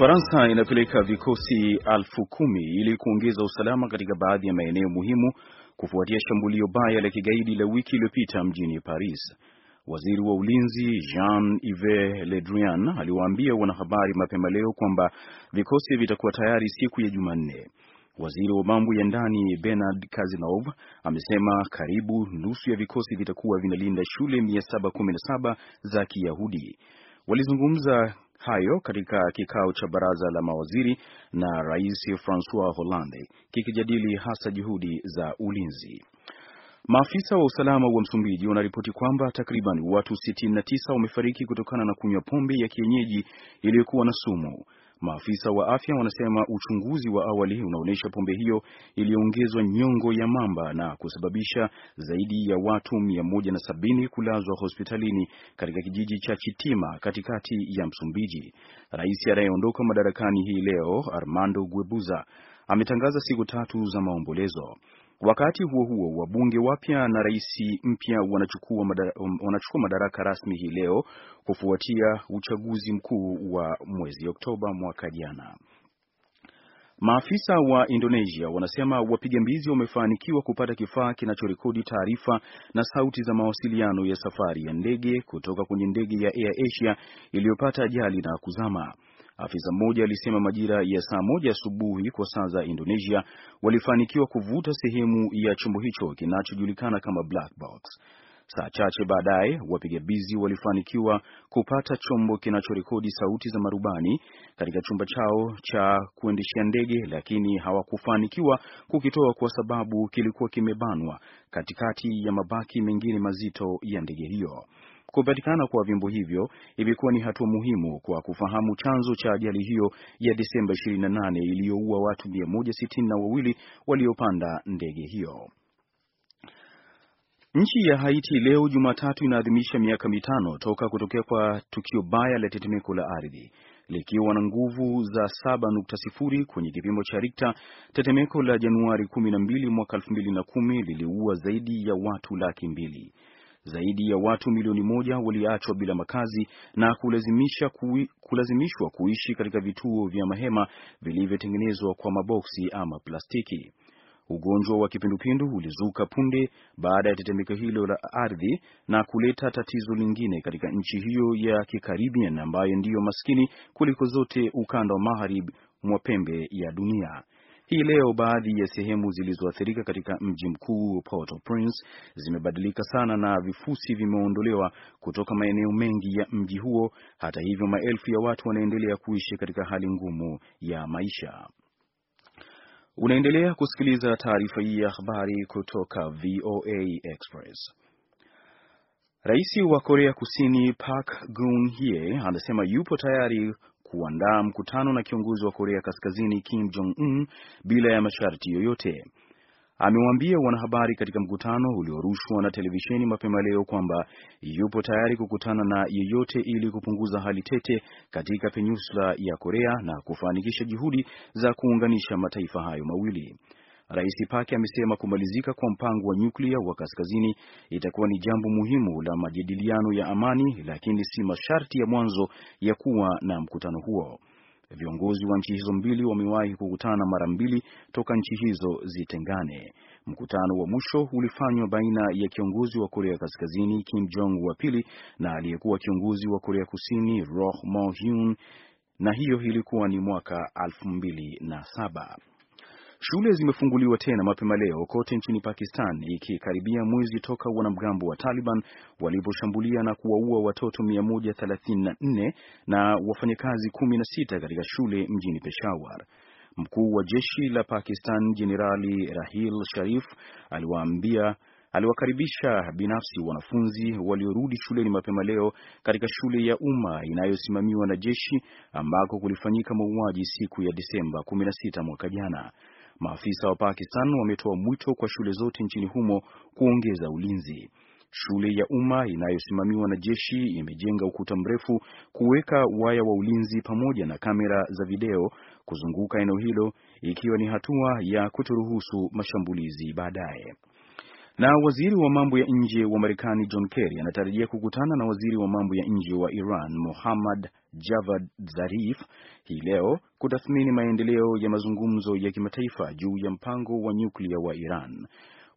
Ufaransa inapeleka vikosi elfu kumi ili kuongeza usalama katika baadhi ya maeneo muhimu kufuatia shambulio baya la kigaidi la wiki iliyopita mjini Paris. Waziri wa ulinzi Jean-Yves Le Drian aliwaambia wanahabari mapema leo kwamba vikosi vitakuwa tayari siku ya Jumanne. Waziri wa mambo ya ndani Bernard Kazinov amesema karibu nusu ya vikosi vitakuwa vinalinda shule 717 za Kiyahudi. Walizungumza hayo katika kikao cha baraza la mawaziri na Rais Francois Hollande kikijadili hasa juhudi za ulinzi. Maafisa wa usalama wa Msumbiji wanaripoti kwamba takriban watu 69 wamefariki kutokana na kunywa pombe ya kienyeji iliyokuwa na sumu. Maafisa wa afya wanasema uchunguzi wa awali unaonyesha pombe hiyo iliongezwa nyongo ya mamba na kusababisha zaidi ya watu 170 kulazwa hospitalini katika kijiji cha Chitima katikati ya Msumbiji. Rais anayeondoka madarakani hii leo Armando Guebuza ametangaza siku tatu za maombolezo. Wakati huo huo, wabunge wapya na rais mpya wanachukua, madara, wanachukua madaraka rasmi hii leo kufuatia uchaguzi mkuu wa mwezi Oktoba mwaka jana. Maafisa wa Indonesia wanasema wapiga mbizi wamefanikiwa kupata kifaa kinachorekodi taarifa na sauti za mawasiliano ya safari ya ndege kutoka kwenye ndege ya Air Asia iliyopata ajali na kuzama. Afisa mmoja alisema majira ya saa moja asubuhi kwa saa za Indonesia walifanikiwa kuvuta sehemu ya chombo hicho kinachojulikana kama black box. Saa chache baadaye wapiga bizi walifanikiwa kupata chombo kinachorekodi sauti za marubani katika chumba chao cha kuendeshea ndege, lakini hawakufanikiwa kukitoa kwa sababu kilikuwa kimebanwa katikati ya mabaki mengine mazito ya ndege hiyo. Kupatikana kwa vyombo hivyo imekuwa ni hatua muhimu kwa kufahamu chanzo cha ajali hiyo ya Desemba 28 iliyoua watu 162 waliopanda ndege hiyo. Nchi ya Haiti leo Jumatatu inaadhimisha miaka mitano toka kutokea kwa tukio baya la tetemeko la ardhi likiwa na nguvu za 7.0 kwenye kipimo cha rikta Tetemeko la Januari 12 mwaka 2010 liliua zaidi ya watu laki mbili. Zaidi ya watu milioni moja waliachwa bila makazi na kui, kulazimishwa kuishi katika vituo vya mahema vilivyotengenezwa kwa maboksi ama plastiki. Ugonjwa wa kipindupindu ulizuka punde baada ya tetemeko hilo la ardhi na kuleta tatizo lingine katika nchi hiyo ya Kikaribian ambayo ndiyo maskini kuliko zote ukanda wa magharibi mwa pembe ya dunia. Hii leo baadhi ya sehemu zilizoathirika katika mji mkuu Port-au-Prince zimebadilika sana na vifusi vimeondolewa kutoka maeneo mengi ya mji huo. Hata hivyo, maelfu ya watu wanaendelea kuishi katika hali ngumu ya maisha. Unaendelea kusikiliza taarifa hii ya habari kutoka VOA Express. Rais wa Korea Kusini Park Geun-hye anasema yupo tayari kuandaa mkutano na kiongozi wa Korea Kaskazini Kim Jong Un bila ya masharti yoyote. Amewaambia wanahabari katika mkutano uliorushwa na televisheni mapema leo kwamba yupo tayari kukutana na yeyote ili kupunguza hali tete katika peninsula ya Korea na kufanikisha juhudi za kuunganisha mataifa hayo mawili. Rais Park amesema kumalizika kwa mpango wa nyuklia wa kaskazini itakuwa ni jambo muhimu la majadiliano ya amani, lakini si masharti ya mwanzo ya kuwa na mkutano huo. Viongozi wa nchi hizo mbili wamewahi kukutana mara mbili toka nchi hizo zitengane. Mkutano wa mwisho ulifanywa baina ya kiongozi wa Korea Kaskazini Kim Jong wa pili na aliyekuwa kiongozi wa Korea Kusini Roh Moo-hyun, na hiyo ilikuwa ni mwaka 2007. Shule zimefunguliwa tena mapema leo kote nchini Pakistan ikikaribia mwezi toka wanamgambo wa Taliban waliposhambulia na kuwaua watoto 134 na wafanyakazi 16 katika shule mjini Peshawar. Mkuu wa jeshi la Pakistan Jenerali Rahil Sharif aliwaambia aliwakaribisha binafsi wanafunzi waliorudi shuleni mapema leo katika shule ya umma inayosimamiwa na jeshi ambako kulifanyika mauaji siku ya Disemba 16 mwaka jana. Maafisa wa Pakistan wametoa mwito kwa shule zote nchini humo kuongeza ulinzi. Shule ya umma inayosimamiwa na jeshi imejenga ukuta mrefu, kuweka waya wa ulinzi pamoja na kamera za video kuzunguka eneo hilo, ikiwa ni hatua ya kutoruhusu mashambulizi baadaye. Na waziri wa mambo ya nje wa Marekani John Kerry anatarajia kukutana na waziri wa mambo ya nje wa Iran Mohammad Javad Zarif hii leo kutathmini maendeleo ya mazungumzo ya kimataifa juu ya mpango wa nyuklia wa Iran.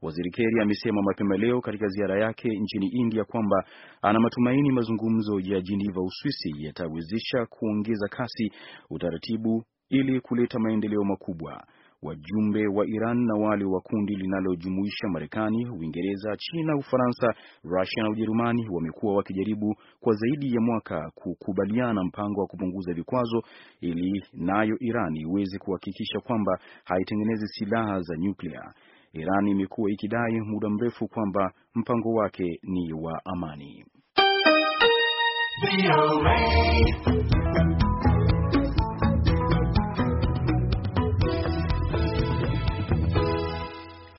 Waziri Kerry amesema mapema leo katika ziara yake nchini India kwamba ana matumaini mazungumzo ya Geneva, Uswisi yatawezesha kuongeza kasi utaratibu ili kuleta maendeleo makubwa wajumbe wa Iran na wale wa kundi linalojumuisha Marekani, Uingereza, China, Ufaransa, Rusia na Ujerumani wamekuwa wakijaribu kwa zaidi ya mwaka kukubaliana mpango wa kupunguza vikwazo ili nayo Iran iweze kuhakikisha kwamba haitengenezi silaha za nyuklia. Iran imekuwa ikidai muda mrefu kwamba mpango wake ni wa amani.